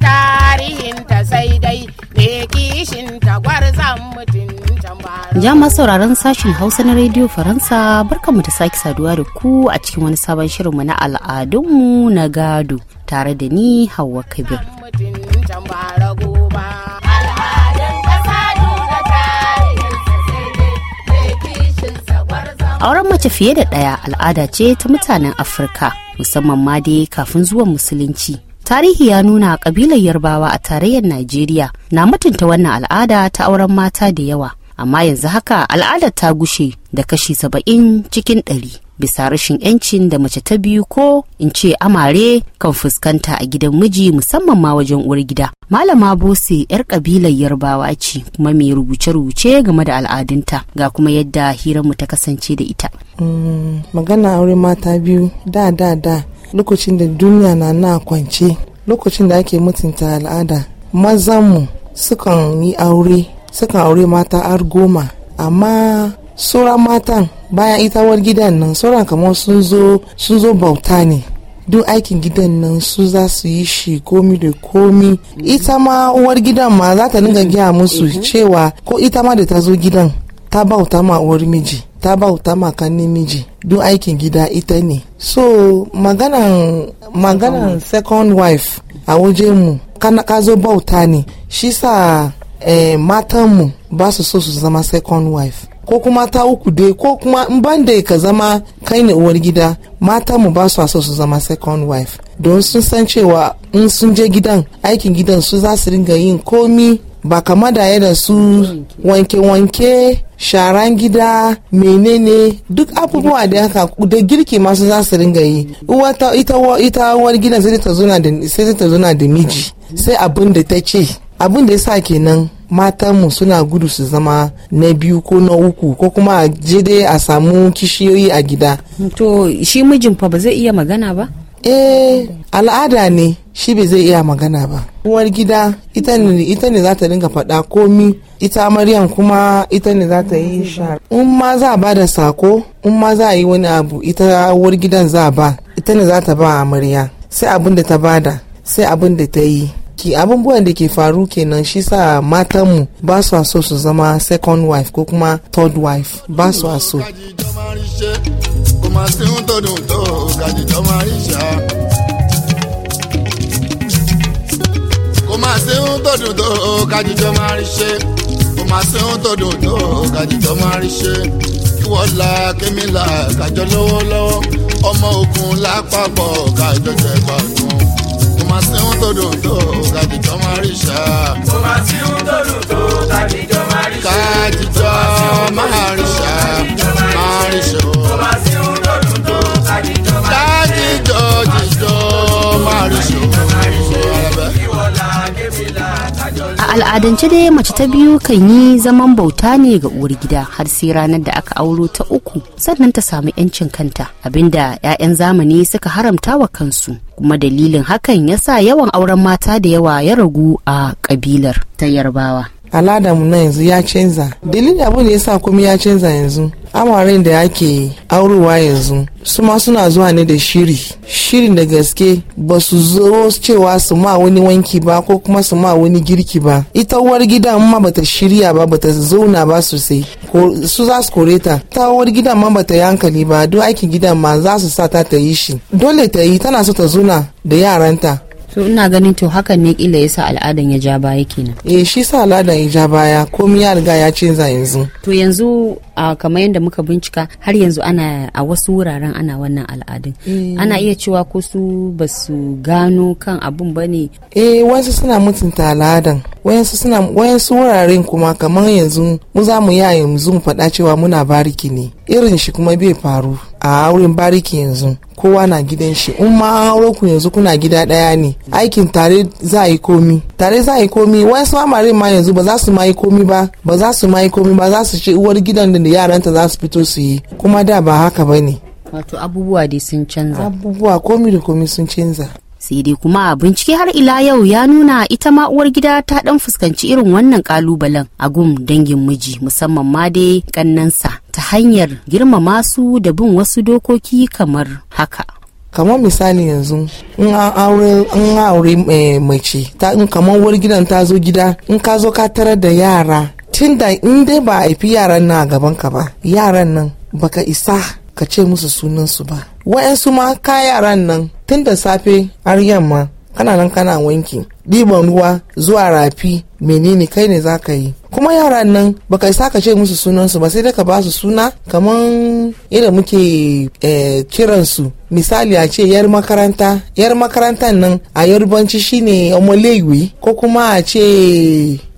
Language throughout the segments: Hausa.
tarihinta sai me kishinta gwarzan jama sauraron sashen hausa na rediyo faransa barkanmu ta sake saduwa da ku a cikin wani sabon shirinmu na al'adunmu na gado tare da ni hawa kabir auren mace fiye da ɗaya al'ada ce ta mutanen afirka musamman ma dai kafin zuwan musulunci tarihi ya nuna kabilar yarbawa a tarayyar najeriya na mutunta wannan al'ada ta auren mata da yawa amma yanzu haka al'adar ta gushe da kashi saba'in cikin ɗari bisa rashin yancin da mace ta biyu ko in ce amare kan fuskanta a gidan miji musamman ma wajen uwar gida malama bose yar kabilar yarbawa ce kuma mai rubuce-rubuce game da al'adunta ga kuma yadda hiranmu ta kasance da ita mm, magana auren mata biyu da da da lokacin da duniya na na kwance lokacin da ake mutunta al'ada mazanmu sukan yi aure sukan aure mata har goma amma sauran matan bayan itawar gidan nan sauran kamar sun zo bauta ne duk aikin gidan nan su za su yi shi komi da komi ita ma uwar gidan ma za ta dinga gaya musu mhm. cewa ko ita ma da ta zo gidan ta bauta ma uwar miji ta bauta maka namiji duk aikin gida ita ne so maganan maganan second wife a mu ka zo bauta ne shi sa eh, matanmu ba su so su zama second wife ko kuma ta uku dai ko kuma in ban da ka zama kai ne uwar gida matanmu ba su so su zama second wife don sun san cewa in sun je gidan aikin gidan su za su ringa yin komi ba kama da yadda su wanke-wanke sharan gida menene duk abubuwa da haka da girki masu za su ringa yi uwa ta ita wani gida sai ta zuna da da miji sai abin da ta ce abin da yasa kenan matan mu suna gudu su zama na biyu ko na uku ko kuma a je dai a samu kishiyoyi a gida to shi mijin fa ba zai iya magana ba eh al'ada ne shi bai zai iya magana ba uwar gida ita ne ita ne za ta dinga faɗa komi ita maryam kuma ita ne za ta yi shar in ma za a ba da sako in ma za a yi wani abu ita uwar gidan za ba ita ne za ta ba murya sai abin da ta bada sai abin da ta yi ki abubuwan da ke faru kenan shi sa matanmu ba su so su zama second wife ko kuma third wife ba su so. kò máa ṣe ń tòdùn tó kájíjọ máa rí ṣe kò máa ṣe ń tòdùn tó kájíjọ máa rí ṣe kíwọ la kémi la kájọ lọ́wọ́lọ́wọ́ ọmọ ogun lápapọ̀ kájọ jẹ gbàdùn kò máa ṣe ń tòdùn tó kájíjọ máa rí ṣá. kò máa ṣe ń tòdùn tó kájíjọ máa rí ṣe. kájíjọ. al'adance dai mace ta biyu kan yi zaman bauta ne ga uwar gida har sai ranar da aka auro ta uku sannan ta samu 'yancin kanta abinda 'ya'yan zamani suka haramta wa kansu kuma dalilin hakan yasa yawan auren mata da yawa ya ragu a kabilar ta yarbawa al'adamu na yanzu ya canza dalilin abu ne yasa kuma ya canza yanzu amaren da ake aurewa yanzu su ma suna zuwa ne da shiri shiri da gaske ba su zo cewa su ma wani wanki ba ko kuma su ma wani girki ba ita uwar gida ma bata shirya ba bata zauna ba sosai su za su kore ta ta uwar gida ma bata yi hankali ba duk aikin gidan ma za su sa ta ta yi shi dole ta yi tana so ta zauna da yaranta so ina ganin to hakan ne kila yasa al'adan ya ja baya kenan eh shi sa al'adan ya ja baya komai ya riga ya canza yanzu to yanzu a kamar yadda muka bincika har yanzu ana a wasu wuraren ana wannan al'adun eh. ana iya cewa ko su ba su gano kan abun ba ne eh wasu suna mutunta al'adan wayansu suna wayansu wuraren kuma kamar yanzu mu za mu ya yanzu mu faɗa cewa muna bariki ne irin shi kuma bai faru a auren bariki yanzu kowa na gidan shi in ma auro ku yanzu kuna gida daya ne aikin tare za a yi komi tare za a yi komi wasu su ma yanzu ba za su ma yi komi ba ba za su ma yi komi ba za su ce uwar gidan da yaranta za su fito su yi kuma da ba haka ba ne wato abubuwa dai sun canza abubuwa komi da komi sun canza sai dai kuma bincike har ila yau ya nuna ita ma uwar gida ta dan fuskanci irin wannan kalubalen a gum dangin miji musamman ma dai kannansa ta hanyar girmama su da bin wasu dokoki kamar haka kamar misali yanzu in aure in aure eh, mace ta in kamar wani gidan ta zo gida in ka zo ka tarar da yara tun da in dai ba a haifi yaran nan a gaban ka ba yaran nan baka isa ka ce musu sunan su ba wa'yansu ma ka yaran nan tun da safe har yamma kana nan kana wanki ɗiban ruwa zuwa rafi menene kai ne za ka yi kuma yaran nan baka isa ka ce musu sunansu ba sai dai ka ba su suna kaman yadda muke eh, kiransu misali a ce yar makaranta yar makarantar nan a yarbanci shine omolewi ko kuma a ce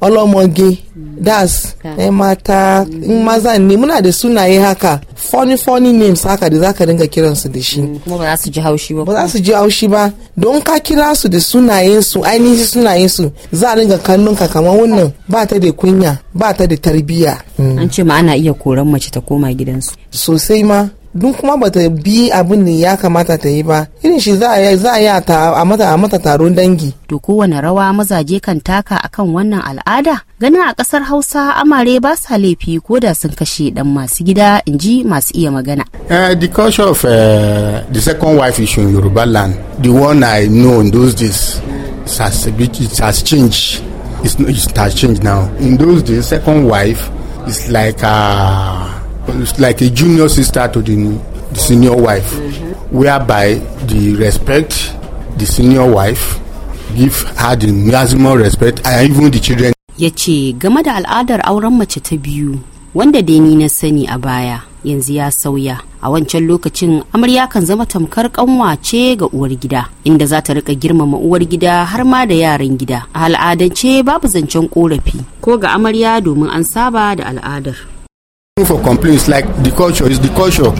ọlọmọge mm. das ta. Mm. mata in maza ne muna da sunaye haka funny funny names haka da zaka dinga kiransu da shi mm. kuma ba za su ji haushi ba ba za su ji haushi ba don ka kira su da sunayen su ainihin sunayen su za a dinga kallon ka kamar wannan ba ta da kunya ba ta da tarbiya an ce ma ana iya koran mace ta koma gidansu sosai ma duk kuma bata bi abin da ya kamata ta yi ba irin shi za a yi a mata a mata taron dangi to kowane rawa mazaje kan taka akan wannan al'ada ganin a kasar hausa amare ba sa laifi ko da sun kashe dan masu gida in ji masu iya magana uh, the culture of uh, the second wife is in yoruba land the one i know in those days it has, has changed it's, it has changed now in those days second wife is like uh, It's like a junior sister to the, the senior wife, mm -hmm. whereby the respect the senior wife give her the maximum respect and even the children. Ya ce game da al'adar auren mace ta biyu wanda dai ni na sani a baya yanzu ya sauya a wancan lokacin amarya kan zama tamkar kanwa ce ga uwar gida inda za ta rika girmama uwar gida har ma da yaran gida a al'adance babu zancen korafi ko ga amarya domin an saba da al'adar for complaints like the culture is the culture.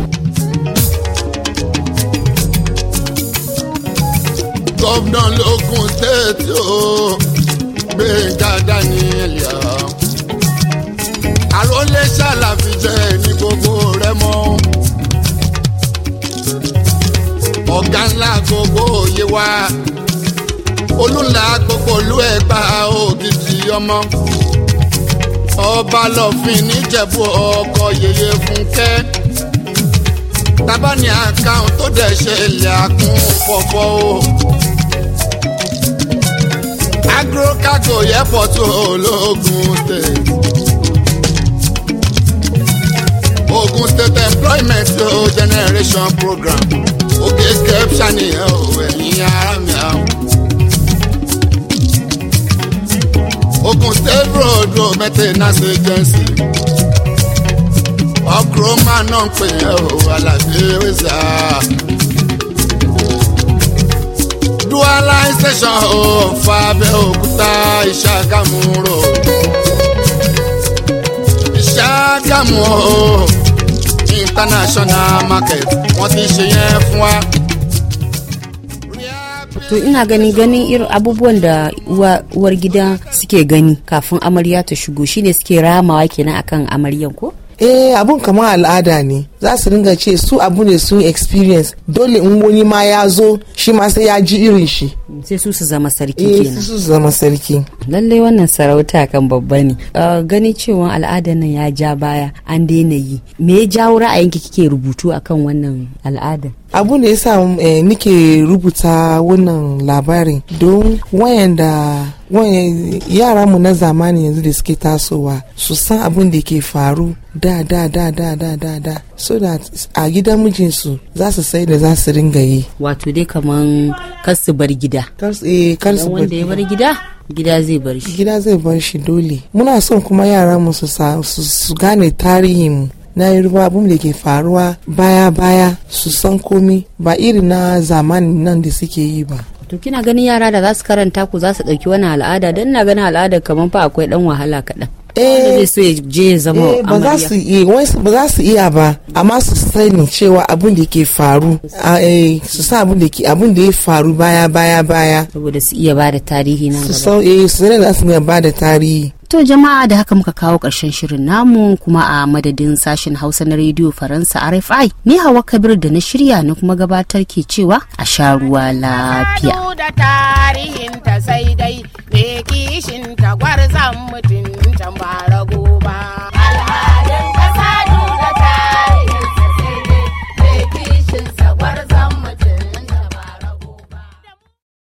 gómìnà lógún tètè o Gbénga Daniel àròlé ṣàlàfíjẹ ní gbogbo rẹ̀ mọ́ ọ̀gá ńlá gbogbo òye wa olùlà gbogbo olú ẹgbàá ògidì ọmọ ọba lọ́fin níjẹ̀bú ọkọ yeye fúnkẹ́ tábàní àkáhùn tó dẹ̀ ṣe ilẹ̀ àkún fọ̀fọ̀ o. agrokago yẹ pọ̀ tó ológun tẹ̀. Ogun State Employment Generation Program òkè kẹ́pṣà nìyẹn o ẹ̀yin ará mi àwọn. Ogun State Road o maintenance agency. Ọkùnrin máa náà ń pè é o Àlàbí Wíṣà. Duala station o Fábẹ́òkúta Ìṣàgámù road. Ìṣàgámù o International market wọ́n ti ṣe yẹn fún wa. to ina gani ganin irin abubuwan da uwar gida suke gani kafin amarya ta shigo shine suke ramawa kenan akan amaryan ko eh abun kamar al'ada ne za su ringa ce su abu ne sun experience dole in wani ma ya zo shi ma sai ya ji irin shi sai su su zama sarki eh, kenan su su zama sarki lalle wannan sarauta kan babba ne gani cewa al'adar nan ya ja baya an daina yi me ya jawo ra'ayinki kike rubutu akan wannan al'ada abu ne yasa eh, nike rubuta wannan labarin don wayanda yara mu na zamani yanzu da suke tasowa su san abin da ke faru da da da da da da so that a gidan mijinsu za su sai da za su ringa yi wato dai kaman kar su bar gida kar su eh, bar gida gida zai bar shi gida zai bar shi dole muna son kuma yara mu su gane tarihin mu na yoruba abun da ke faruwa baya baya su san komi ba irin na zamanin nan da suke yi ba to kina ganin yara da za su karanta ku za su ɗauki wani al'ada don na ganin al'ada kamar fa akwai ɗan wahala kaɗan eh so ya je zama eh, ba za su iya ba za su sani cewa abin da ke faru eh, su sa abin da ke abin da ya faru baya baya baya saboda su iya ba da tarihi nan gaba su eh su ne za su ba da tarihi To jama'a da haka muka kawo ƙarshen shirin namu kuma a madadin sashen Hausa na rediyo Faransa RFI ne Hawa Kabir da na shirya na kuma gabatar ke cewa a sha ruwa lafiya. da tarihin sai dai kishin ta gwarzan mutum ta ba